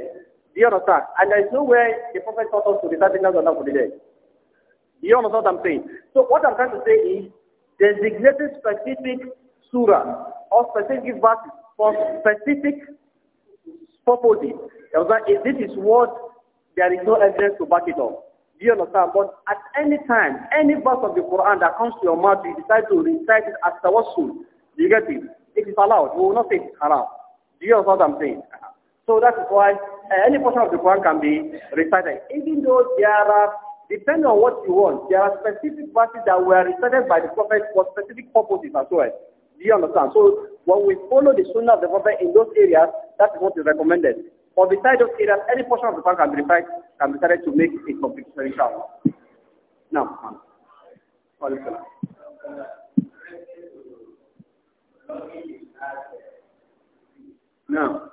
Do you understand? And there is no way the Prophet taught us to recite Inna Allah for the dead. Do you understand what I'm saying? So what I'm trying to say is, Designated specific surah or specific verses for specific purposes. This is what there is no evidence to back it up. Do you understand? But at any time, any verse of the Quran that comes to your mouth, you decide to recite it as tawassul. You get it? It is allowed. We will not say it's haram. Do you understand what I'm saying? So that is why eh, any portion of the Quran can be recited. Even though there are Depending on what you want, there are specific verses that were recited by the prophet for specific purposes as well. Do you understand? So when we follow the sunnah of the prophet in those areas, that is what is recommended. But beside those areas, any portion of the Quran can be recited, can be decided to make a compulsory shout. Now, now.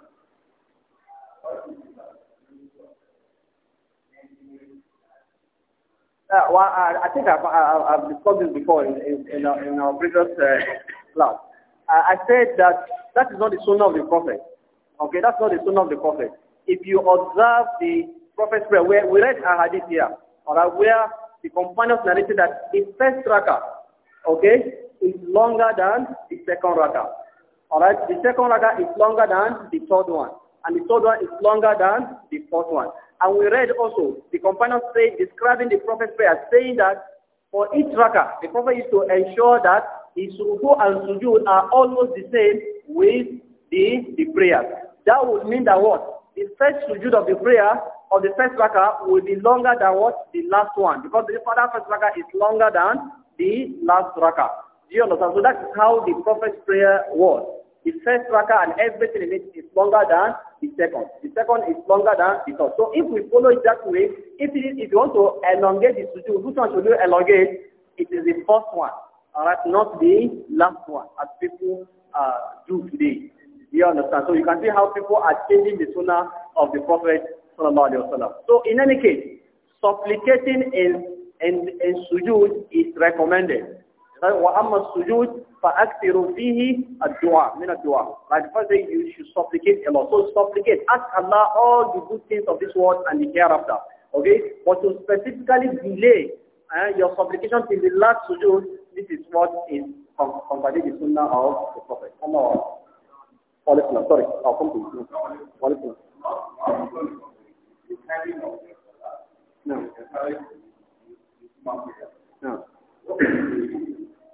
Uh, well, I, I think I've, I've, discussed this before in, in, in, our, in our, previous uh, class. I, uh, I said that that is not the sunnah of the prophet. Okay, that's not the sunnah of the prophet. If you observe the prophet's prayer, where we read a hadith here, or where the companions narrated that the first rakah, okay, is longer than the second rakah. All right, the second rakah is longer than the third one, and the third one is longer than the fourth one. And we read also, the companions say, describing the prophet's prayer, saying that for each rakah, the prophet used to ensure that his ruku and sujood are almost the same with the, the prayer. That would mean that what? The first sujood of the prayer of the first rakah will be longer than what? The last one. Because the father first rakah is longer than the last rakah. Do you understand? So that's how the prophet's prayer was. The first rakah and everything in it is longer than the second. The second is longer than the third. So if we follow it that way, if, if you want to elongate the sujood, which one should you elongate? It is the first one, all right, not the last one, as people uh, do today. You understand? So you can see how people are changing the sunnah of the Prophet So in any case, supplicating in, in, in sujood is recommended. وأما السجود فأكثر فيه الدعاء من الدعاء like first you should supplicate so supplicate ask Allah all the good things of this world and the hereafter okay but to specifically delay uh, your supplication till the last sujood this is what is the sunnah of the Prophet Allah sorry, I'll come to you. No. No.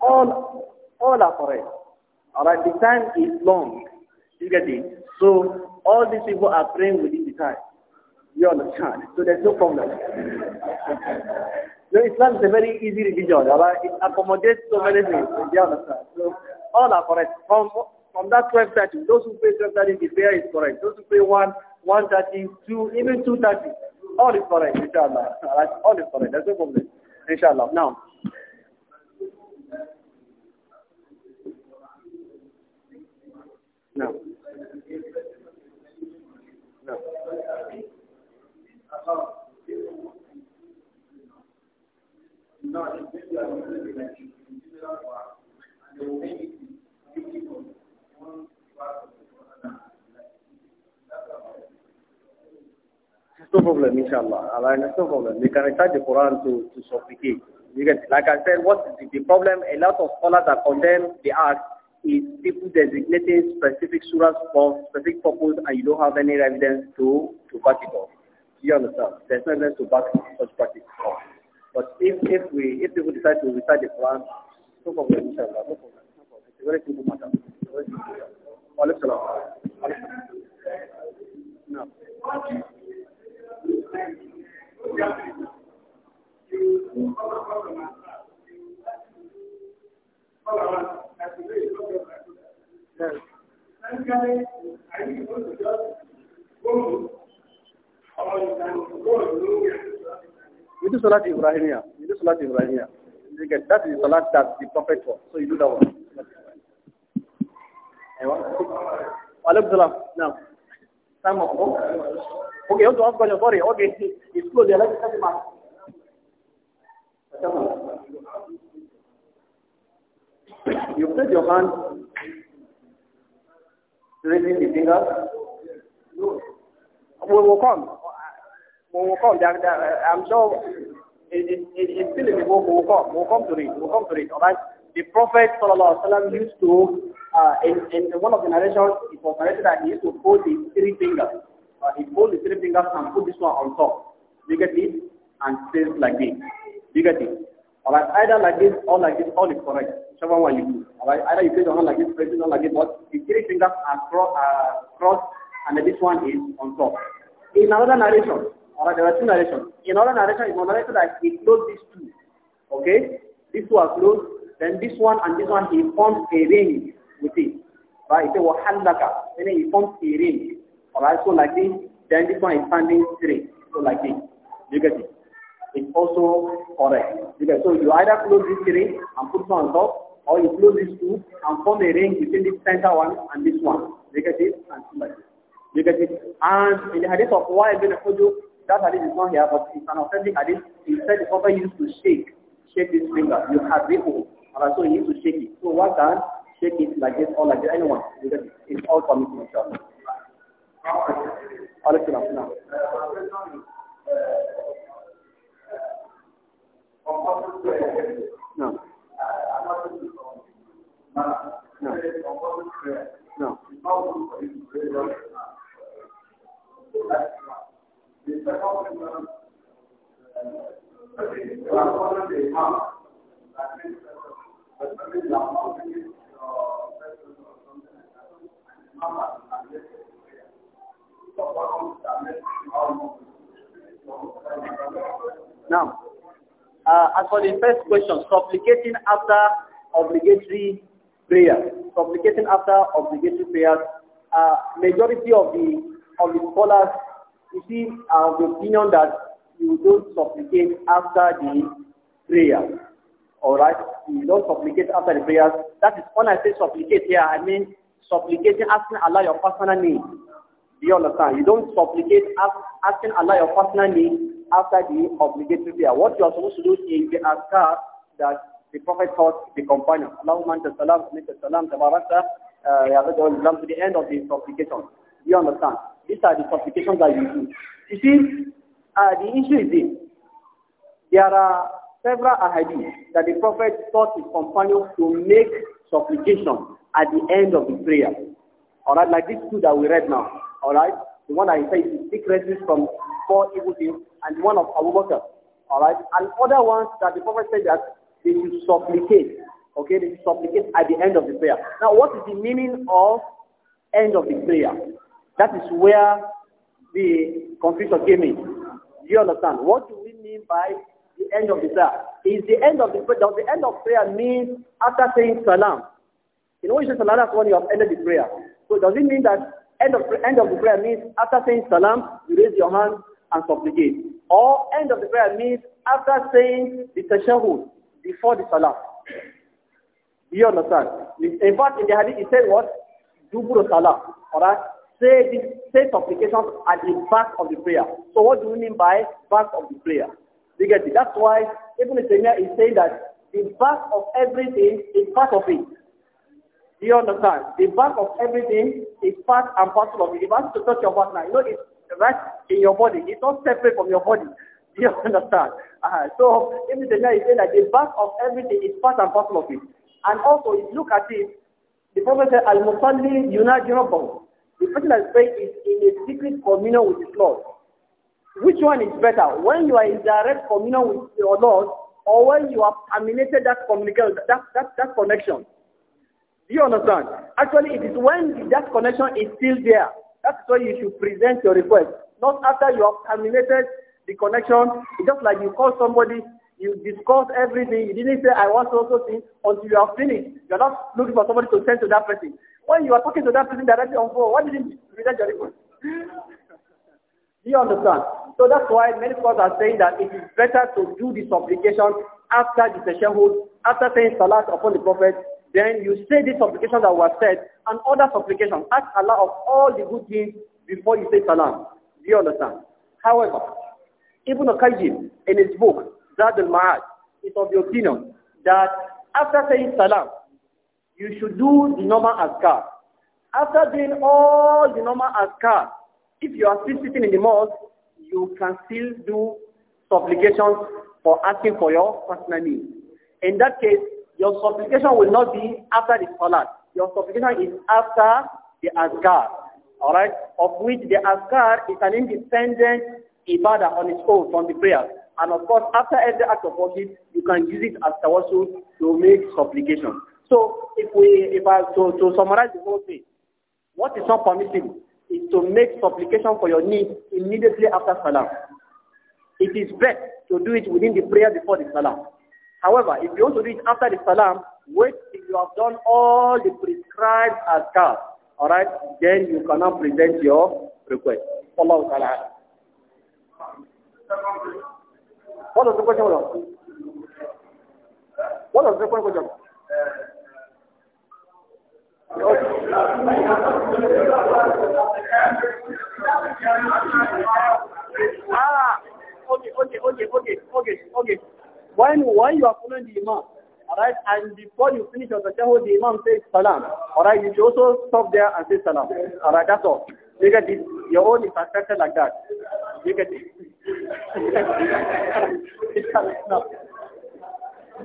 All, all are correct. Alright, the time is long. You get it? So all these people are praying within the time. You understand? So there's no problem. so Islam is a very easy religion. Alright, it accommodates so many things. You understand? So all are correct. From from that twelve thirty, those who pray twelve thirty, the prayer is correct. Those who pray one, one thirty, two, even two thirty all is correct, inshallah. Alright, all is correct. There's no problem. Inshallah. Now. No. No. No. no problem, inshallah. Awareness, no problem. We can recite the Quran to, to supplicate. You get Like I said, what is the problem? A lot of scholars are condemn the act is people designating specific surahs for specific purpose and you don't have any evidence to, to back it up. Do You understand? There's no evidence to back such practice up. But if, if we if people decide to recite the Quran, no problem, inshallah, no problem. It's a very simple matter. Very simple matter. No. You do Salat Ibrahimiyah. You do Salat Ibrahimiyah. You get that is Salat that's the perfect one. So you do that one. Anyone? Now, time of hope. Okay, also ask question. Sorry, okay. It's closed. Let's discuss the matter. You place your hand raising the finger. We will come. We will come. There, there, I'm sure it, it, it, it's still in the book. We will come. We will come to read. We will come to read. All right. The Prophet sallam, used to, uh, in, in one of the narrations, it was narrated that he used to hold the three fingers uh, he folds his three fingers and put this one on top. You get it? And says like this. You get it? Alright, either like this or like this, all is correct. Whichever one you do. Alright, either you place the one like this, place it on like this, but the three fingers are cross, uh, crossed and then this one is on top. In another narration, alright, there are two narrations. In another narration, it's narrated that he closed these two. Okay? These two are closed. Then this one and this one, he forms a ring with it. Right? It says, وَحَلَّكَ Meaning he forms a ring. Alright, so like this, then this one is standing straight. So like this. You get it? It's also correct. You get it? So you either close this three and put one on top, or you close these two and form a ring between this center one and this one. You get it? And so like this. You get it? And in the hadith of Wa'il bin Hujub, that hadith is not here, but it's an authentic hadith. Instead, the Prophet used to shake, shake this finger. You have ripple. Alright, so you need to shake it. So one time, shake it like this or like this. Anyone. You get it? It's all permitted, inshallah. عليك السلام نعم نعم نعم نعم Now, uh, as for the first question, supplicating after obligatory prayer, supplicating after obligatory prayers, uh, majority of the of the scholars, you see, are the opinion that you don't supplicate after the prayer. All right, you don't supplicate after the prayers. That is when I say supplicate here, I mean supplicating, asking Allah your personal needs. Do you understand? You don't supplicate ask, asking Allah your personal needs after the obligatory prayer. What you are supposed to do is the askar that the Prophet taught the companion. Allahumma anta salam, anta salam, tabarakta, uh, ya to the end of the supplication. Do you understand? These are the supplications that you do. You see, uh, the issue is this. There are several ahadith that the Prophet taught his companions to make supplication at the end of the prayer. Alright, like these two that we read now. Alright? The one I say is seek refuge from four evil things and one of Abu Bakr. Alright? And other ones that the Prophet said that they should supplicate. Okay, they should supplicate at the end of the prayer. Now what is the meaning of end of the prayer? That is where the confusion came in. Do you understand? What do we mean by the end of the prayer? Is the end of the prayer does the end of prayer mean after saying salam? You know, you say salam when you have ended the prayer. So does it mean that End of, end of the prayer means after saying salam, you raise your hand and supplicate. Or end of the prayer means after saying the tashahud before the salam. Do you understand? In fact, in the hadith, it said what? Dubur salam. Alright? Say say supplications at the back of the prayer. So what do we mean by back of the prayer? You get it? That's why Ibn Taymiyyah is saying that the back of everything is part of it. Do you understand? The back of everything is part and parcel of it. If I to touch your partner, you know, it's right in your body. It's not separate from your body. Do you understand? Uh, so, Ibn Taymiyyah is saying that the back of everything is part and parcel of it. And also, if you look at it, the Prophet said, Al-Musalli yunaji The person that is praying is in a secret communion with his Lord. Which one is better? When you are in direct communion with your Lord, or when you have terminated that communication, that, that, that connection? Do you understand? Actually, it is when that connection is still there. That's why you should present your request. Not after you have terminated the connection. It's just like you call somebody, you discuss everything. You didn't say, I want to also thing until you have finished. You're not looking for somebody to send to that person. When you are talking to that person directly on phone, why didn't you present your request? Do you understand? So that's why many people are saying that it is better to do the supplication after the tashahud, after saying salat upon the Prophet, then you say this supplication that was said and other supplications. Ask Allah of all the good things before you say salam. Do you understand? However, Ibn Qayyim in his book, Zad al-Ma'ad, is of the opinion that after saying salam, you should do the normal askar. After doing all the normal askar, if you are still sitting in the mosque, you can still do supplications for asking for your personal needs. In that case, your supplication will not be after the salat. Your supplication is after the azkar. Alright? Of which the azkar is an independent ibadah on its own from the prayer. And of course, after every act of worship, you can use it as tawassul to make supplication. So if we, if I, to, to summarize the whole thing, what is not permissible is to make supplication for your needs immediately after salam. It is best to do it within the prayer before the salam. However, if you want to do after the salam, wait till you have done all the prescribed azkar. All right? Then you cannot present your request. Wallahu ta'ala. What was the question? What was the question? Ah, okay, okay, okay, okay, okay, okay. When, when you are following the Imam, alright, and before you finish your tashahud, the Imam says salam, alright, you should also stop there and say salam, alright, that's all. You get your own infrastructure like that. You get it. no.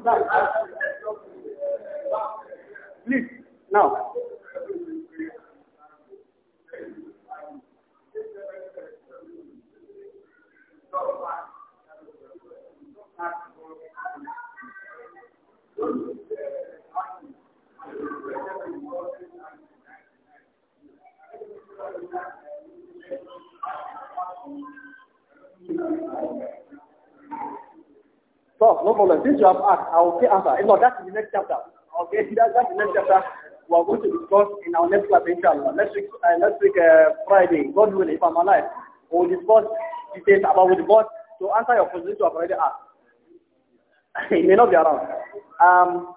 No. I'll say answer. Eh, no, that's in the next chapter. Okay, that, that's the next chapter we are going to discuss in our next class, inshallah. Next week, uh, next week uh, Friday, God willing, if I'm alive, we will discuss details about the God to answer your question you have already asked. it may not be around. Um,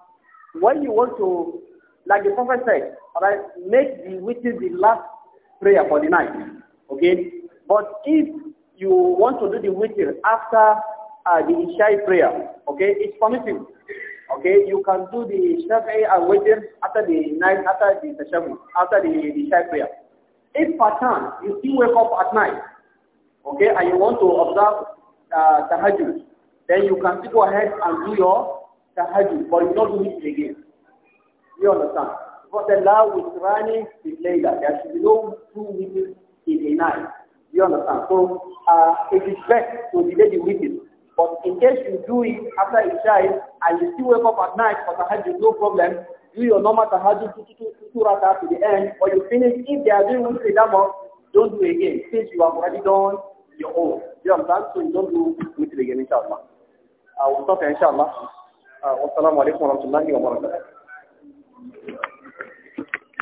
when you want to, like the prophet said, right, make the witness the last prayer for the night. Okay? But if you want to do the witness after uh, the Isha prayer. Okay, it's permissible. Okay, you can do the Shafi'i and wait after the night, after the Tashabu, after the, the Isha prayer. If per chance you still wake up at night, okay, and you want to observe uh, Tahajjud, then you can still go ahead and do your Tahajjud, but you not do it again. You understand? Because Allah is running the is that There should be no two witnesses in a night. You understand? So uh, it is best to delay the witness but in case you do it after Isha and you still wake up at night for tahajjud, no problem. Do your normal tahajjud two, two, two, two rata to the end, or you finish. If they are doing Wutri Dhamma, don't do it again since you have already done your own. You understand? So you don't do Wutri again, inshallah. Uh, we'll stop here, inshallah. Uh, wassalamu alaikum wa rahmatullahi